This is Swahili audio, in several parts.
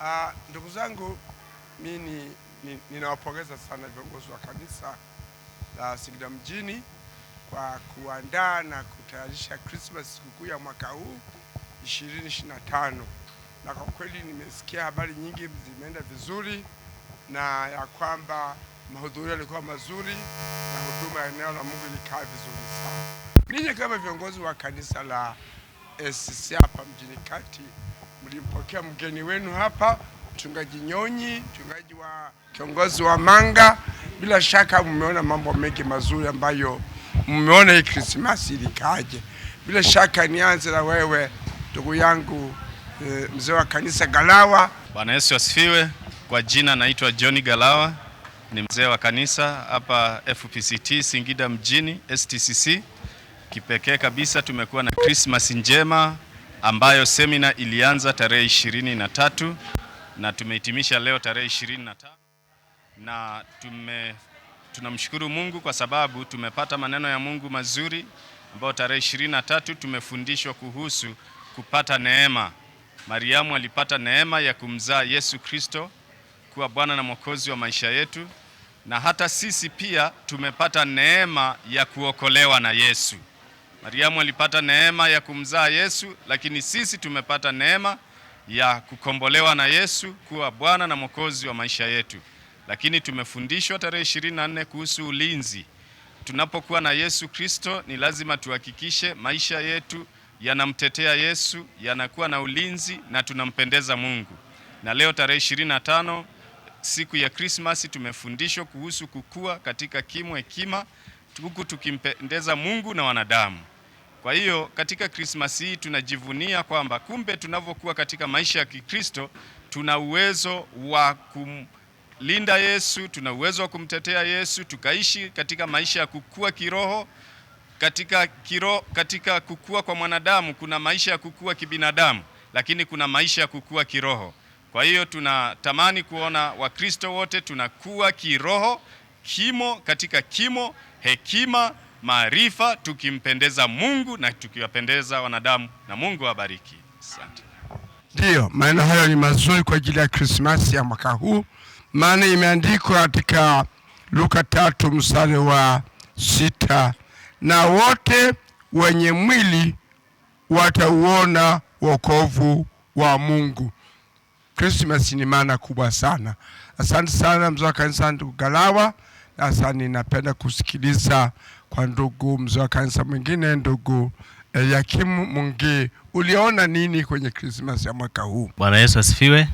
Uh, ndugu zangu mimi ni, ninawapongeza sana viongozi wa kanisa la Singida mjini kwa kuandaa na kutayarisha Christmas sikukuu ya mwaka huu 2025 na kwa kweli nimesikia habari nyingi zimeenda vizuri na ya kwamba mahudhurio yalikuwa mazuri na huduma ya eneo la Mungu ilikaa vizuri sana. Ninyi kama viongozi wa kanisa la SCC hapa mjini kati mlimpokea mgeni wenu hapa mchungaji Nyonyi, mchungaji wa kiongozi wa Manga. Bila shaka mmeona mambo mengi mazuri ambayo mmeona hii Krismasi ilikaje. Bila shaka nianze na wewe ndugu yangu e, mzee wa kanisa Galawa. Bwana Yesu asifiwe. Kwa jina naitwa John Galawa, ni mzee wa kanisa hapa FPCT Singida mjini STCC. Kipekee kabisa tumekuwa na Krismasi njema ambayo semina ilianza tarehe ishirini na tumehitimisha leo tarehe 25 na tume tunamshukuru Mungu kwa sababu tumepata maneno ya Mungu mazuri ambayo tarehe 23 tumefundishwa kuhusu kupata neema. Mariamu alipata neema ya kumzaa Yesu Kristo kuwa Bwana na Mwokozi wa maisha yetu, na hata sisi pia tumepata neema ya kuokolewa na Yesu. Mariamu alipata neema ya kumzaa Yesu, lakini sisi tumepata neema ya kukombolewa na Yesu kuwa Bwana na Mwokozi wa maisha yetu. Lakini tumefundishwa tarehe 24 kuhusu ulinzi. Tunapokuwa na Yesu Kristo, ni lazima tuhakikishe maisha yetu yanamtetea Yesu, yanakuwa na ulinzi na tunampendeza Mungu. Na leo tarehe 25 siku ya Krismasi tumefundishwa kuhusu kukua katika kimo hekima, huku tukimpendeza Mungu na wanadamu. Kwa hiyo katika Christmas hii tunajivunia kwamba kumbe tunavyokuwa katika maisha ya Kikristo tuna uwezo wa kumlinda Yesu, tuna uwezo wa kumtetea Yesu, tukaishi katika maisha ya kukua kiroho. Katika, kiro, katika kukua kwa mwanadamu kuna maisha ya kukua kibinadamu, lakini kuna maisha ya kukua kiroho. Kwa hiyo tunatamani kuona Wakristo wote tunakuwa kiroho, kimo katika kimo, hekima maarifa, tukimpendeza Mungu na tukiwapendeza wanadamu. Na Mungu awabariki, asante. Ndiyo, maneno hayo ni mazuri kwa ajili ya Krismasi ya mwaka huu, maana imeandikwa katika Luka tatu mstari wa sita na wote wenye mwili watauona wokovu wa Mungu. Krismasi ni maana kubwa sana. Asante sana mzee wa kanisa, ndugu Galawa. Sasa ninapenda kusikiliza kwa ndugu mzee wa kanisa mwingine, ndugu eh, Mungi, uliona nini kwenye Krismasi ya mwaka huu? Bwana Yesu asifiwe.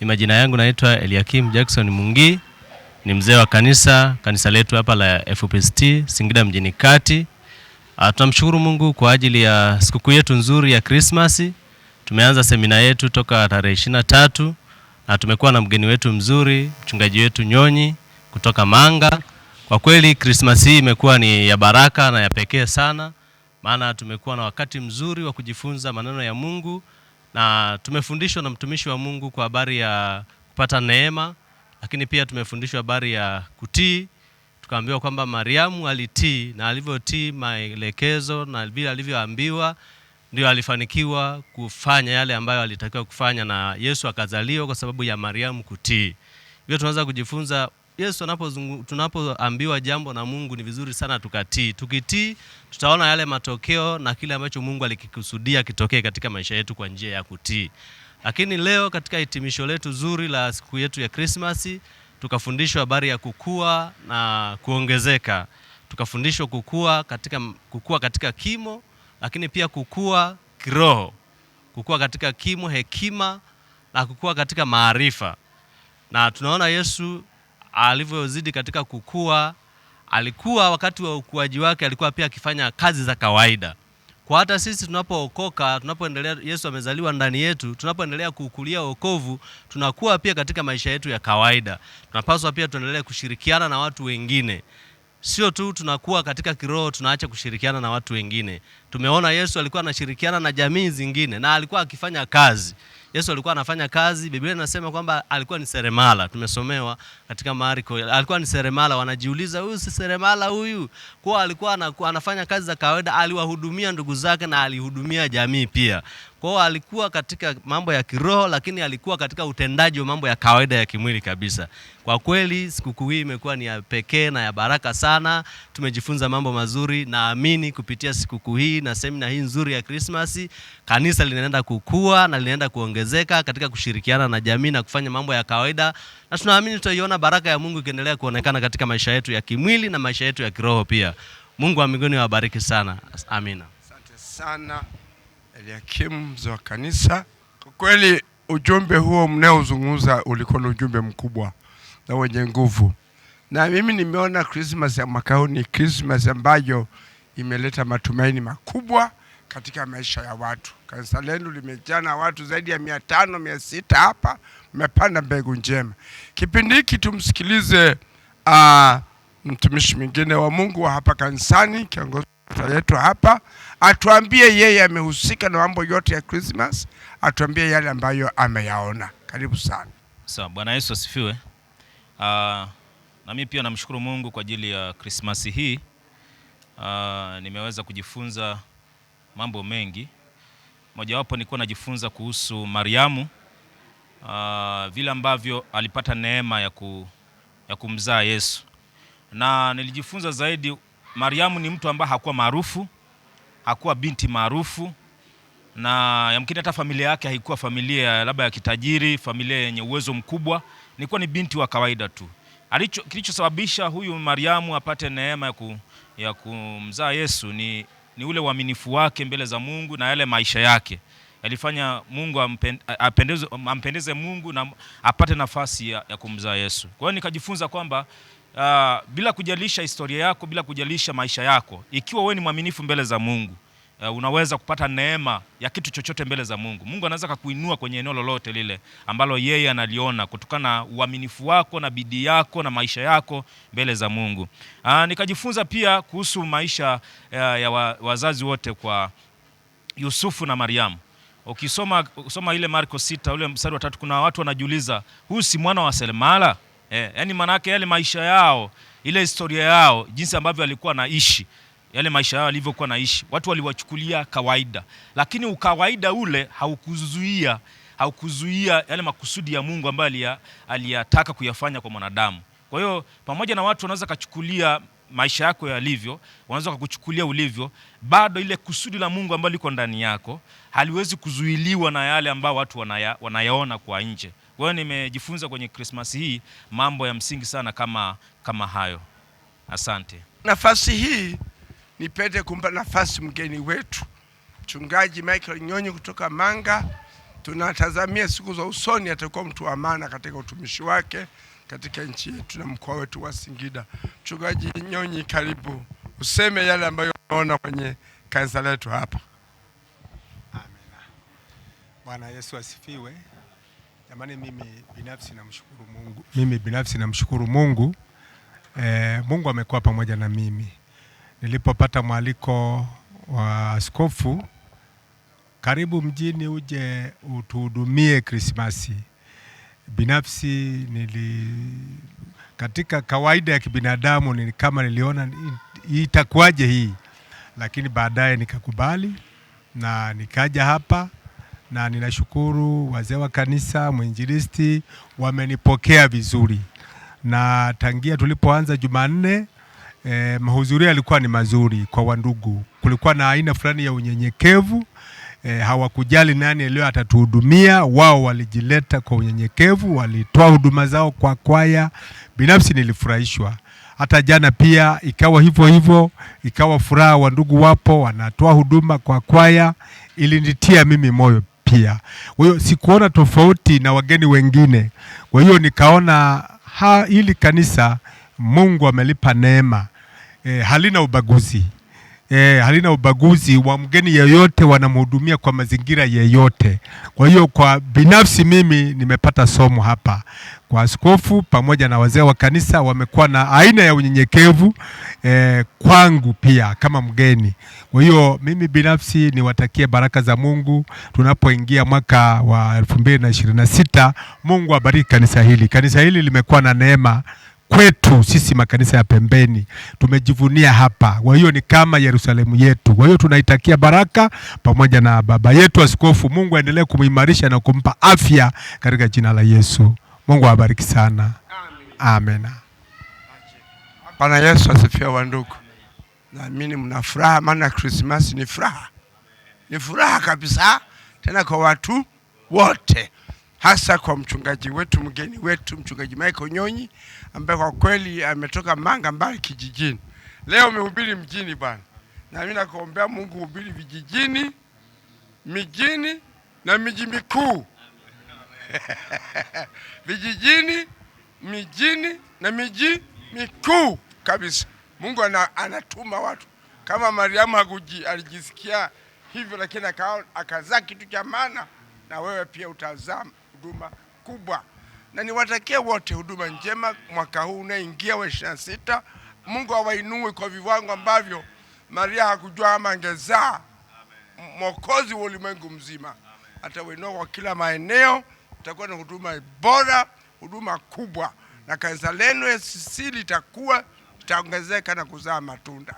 ni Majina yangu naitwa Eliakim Jackson Mungi, ni mzee wa kanisa kanisa letu hapa la FPST Singida mjini kati. Ah, tunamshukuru Mungu kwa ajili ya sikukuu yetu nzuri ya Krismasi. Tumeanza semina yetu toka tarehe 23 na tumekuwa na mgeni wetu mzuri mchungaji wetu Nyonyi kutoka Manga. Kwa kweli Krismasi hii imekuwa ni ya baraka na ya pekee sana, maana tumekuwa na wakati mzuri wa kujifunza maneno ya Mungu na tumefundishwa na mtumishi wa Mungu kwa habari ya kupata neema, lakini pia tumefundishwa habari ya kutii. Tukaambiwa kwamba Mariamu alitii na alivyotii maelekezo na vile alivyoambiwa ndio alifanikiwa kufanya yale ambayo alitakiwa kufanya, na Yesu akazaliwa kwa sababu ya Mariamu kutii. Hivyo tunaweza kujifunza Yesu tunapoambiwa jambo na Mungu ni vizuri sana tukatii. Tukitii tutaona yale matokeo na kile ambacho Mungu alikikusudia kitokee katika maisha yetu kwa njia ya kutii. Lakini leo katika hitimisho letu zuri la siku yetu ya Krismasi tukafundishwa habari ya kukua na kuongezeka. Tukafundishwa kukua katika, kukua katika kimo lakini pia kukua kiroho, kukua katika kimo hekima na kukua katika maarifa, na tunaona Yesu alivyozidi katika kukua, alikuwa wakati wa ukuaji wake alikuwa pia akifanya kazi za kawaida. Kwa hata sisi tunapookoka, tunapoendelea, Yesu amezaliwa ndani yetu, tunapoendelea kukulia wokovu, tunakuwa pia katika maisha yetu ya kawaida. Tunapaswa pia tuendelee kushirikiana na watu wengine sio tu tunakuwa katika kiroho, tunaacha kushirikiana na watu wengine. Tumeona Yesu alikuwa anashirikiana na jamii zingine na alikuwa akifanya kazi. Yesu alikuwa anafanya kazi. Biblia inasema kwamba alikuwa ni seremala, tumesomewa katika Marko, alikuwa ni seremala. Wanajiuliza, huyu si seremala huyu? Kwa alikuwa anafanya kazi za kawaida, aliwahudumia ndugu zake na alihudumia jamii pia. Kwa alikuwa katika mambo ya kiroho, lakini alikuwa katika utendaji wa mambo ya kawaida ya kimwili kabisa. Kwa kweli sikukuu hii imekuwa ni ya pekee na ya baraka sana. Tumejifunza mambo mazuri, naamini kupitia sikukuu hii na semina hii nzuri ya Krismasi, kanisa linaenda kukua na linaenda kuongezeka katika kushirikiana na jamii na kufanya mambo ya kawaida, na tunaamini tutaiona baraka ya Mungu ikiendelea kuonekana katika maisha yetu ya kimwili na maisha yetu ya kiroho pia. Mungu wa mbinguni awabariki sana. Amina. Asante sana. Eliakim mzee wa kanisa. Kwa kweli ujumbe huo mnaozungumza ulikuwa ni ujumbe mkubwa na wenye nguvu, na mimi nimeona Krismasi ya mwaka huu ni Krismasi ambayo imeleta matumaini makubwa katika maisha ya watu. Kanisa lenu limejaa na watu zaidi ya mia tano mia sita hapa, mmepanda mbegu njema. Kipindi hiki tumsikilize uh, mtumishi mwingine wa Mungu wa hapa kanisani kiongozi ataletwa hapa atuambie yeye amehusika na mambo yote ya Krismas, atuambie yale ambayo ameyaona. Karibu sana. Sawa, Bwana Yesu asifiwe. Uh, na mimi pia namshukuru Mungu kwa ajili ya Krismasi hii. Uh, nimeweza kujifunza mambo mengi, mojawapo nilikuwa najifunza kuhusu Mariamu uh, vile ambavyo alipata neema ya, ku, ya kumzaa Yesu na nilijifunza zaidi Mariamu ni mtu ambaye hakuwa maarufu, hakuwa binti maarufu, na yamkini hata familia yake haikuwa familia labda ya kitajiri, familia yenye uwezo mkubwa, nilikuwa ni binti wa kawaida tu. Alicho kilichosababisha huyu Mariamu apate neema ya, ku, ya kumzaa Yesu ni, ni ule uaminifu wake mbele za Mungu na yale maisha yake yalifanya Mungu ampendeze, ampendeze Mungu na apate nafasi ya, ya kumzaa Yesu. Kwa hiyo nikajifunza kwamba uh, bila kujalisha historia yako, bila kujalisha maisha yako, ikiwa wewe ni mwaminifu mbele za Mungu uh, unaweza kupata neema ya kitu chochote mbele za Mungu. Mungu anaweza kukuinua kwenye eneo lolote lile ambalo yeye analiona kutokana na uaminifu wako na bidii yako na maisha yako mbele za Mungu. Uh, nikajifunza pia kuhusu maisha uh, ya wa, wazazi wote kwa Yusufu na Mariamu. Ukisoma soma ile Marko sita ule mstari wa tatu, kuna watu wanajiuliza, huyu si mwana wa Selemala? eh, yani maanake yale maisha yao, ile historia yao, jinsi ambavyo alikuwa naishi yale maisha yao alivyokuwa naishi, watu waliwachukulia kawaida, lakini ukawaida ule haukuzuia haukuzuia yale makusudi ya Mungu ambayo aliyataka kuyafanya kwa mwanadamu. Kwa hiyo pamoja na watu wanaweza kachukulia maisha yako yalivyo, wanaweza kukuchukulia ulivyo, bado ile kusudi la Mungu ambayo liko ndani yako haliwezi kuzuiliwa na yale ambao watu wanaya, wanayaona kwa nje. Kwa hiyo nimejifunza kwenye Krismasi hii mambo ya msingi sana kama, kama hayo. Asante. Nafasi hii nipende kumpa nafasi mgeni wetu Mchungaji Michael Nyonyi kutoka Manga. Tunatazamia siku za usoni atakuwa mtu wa maana katika utumishi wake katika nchi yetu na mkoa wetu wa Singida. Mchungaji Nyonyi, karibu useme yale ambayo unaona kwenye kanisa letu hapa. Amina. Bwana Yesu asifiwe. Jamani, mimi binafsi namshukuru Mungu, mimi binafsi namshukuru Mungu. E, Mungu amekuwa pamoja na mimi. Nilipopata mwaliko wa askofu, karibu mjini uje utuhudumie Krismasi, binafsi nili katika kawaida ya kibinadamu ni kama niliona itakuwaje hii, lakini baadaye nikakubali na nikaja hapa na ninashukuru wazee wa kanisa, mwinjilisti wamenipokea vizuri, na tangia tulipoanza Jumanne eh, mahudhurio yalikuwa ni mazuri kwa wandugu. Kulikuwa na aina fulani ya unyenyekevu eh, hawakujali nani leo atatuhudumia. Wao walijileta kwa unyenyekevu, walitoa huduma zao kwa kwaya. Binafsi nilifurahishwa hata jana pia ikawa hivyo hivyo, ikawa furaha. Wandugu wapo wanatoa huduma kwa kwaya, ilinitia mimi moyo pia. Kwa hiyo sikuona tofauti na wageni wengine, kwa hiyo nikaona ha, hili kanisa Mungu amelipa neema e, halina ubaguzi e, halina ubaguzi wa mgeni yeyote, wanamhudumia kwa mazingira yeyote. Kwa hiyo kwa binafsi mimi nimepata somo hapa kwa askofu pamoja na wazee wa kanisa wamekuwa na aina ya unyenyekevu eh, kwangu pia kama mgeni. Kwa hiyo mimi binafsi niwatakie baraka za Mungu tunapoingia mwaka wa 2026. Mungu abariki kanisa hili. Kanisa hili limekuwa na neema kwetu sisi makanisa ya pembeni, tumejivunia hapa. Kwa hiyo ni kama Yerusalemu yetu. Kwa hiyo tunaitakia baraka pamoja na baba yetu askofu. Mungu aendelee kumuimarisha na kumpa afya katika jina la Yesu. Mungu awabariki sana. Amen. Bwana Yesu asifiwe ndugu. Naamini mna furaha, maana Christmas ni furaha, ni furaha kabisa, tena kwa watu wote, hasa kwa mchungaji wetu, mgeni wetu, mchungaji Michael Nyonyi ambaye kwa kweli ametoka Manga mbali kijijini. Leo umehubiri mjini bwana, nami nakuombea Mungu hubiri vijijini, mijini na miji mikuu. vijijini, mijini na miji mikuu kabisa. Mungu ana, anatuma watu kama Mariamu hakuji, alijisikia hivyo, lakini akazaa kitu cha maana, na wewe pia utazaa huduma kubwa, na niwatakie wote huduma njema mwaka huu unaingia wa ishirini na sita. Mungu awainue kwa viwango ambavyo Maria hakujua ama angezaa mwokozi wa ulimwengu mzima. Atawainua kwa kila maeneo itakuwa na huduma bora, huduma kubwa, na kanisa lenu sisi litakuwa litaongezeka na kuzaa matunda.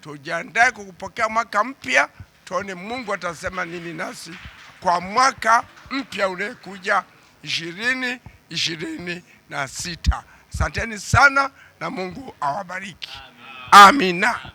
Tujiandae kukupokea mwaka mpya, tuone Mungu atasema nini nasi kwa mwaka mpya unaekuja ishirini ishirini na sita. Asanteni sana na Mungu awabariki. Amina.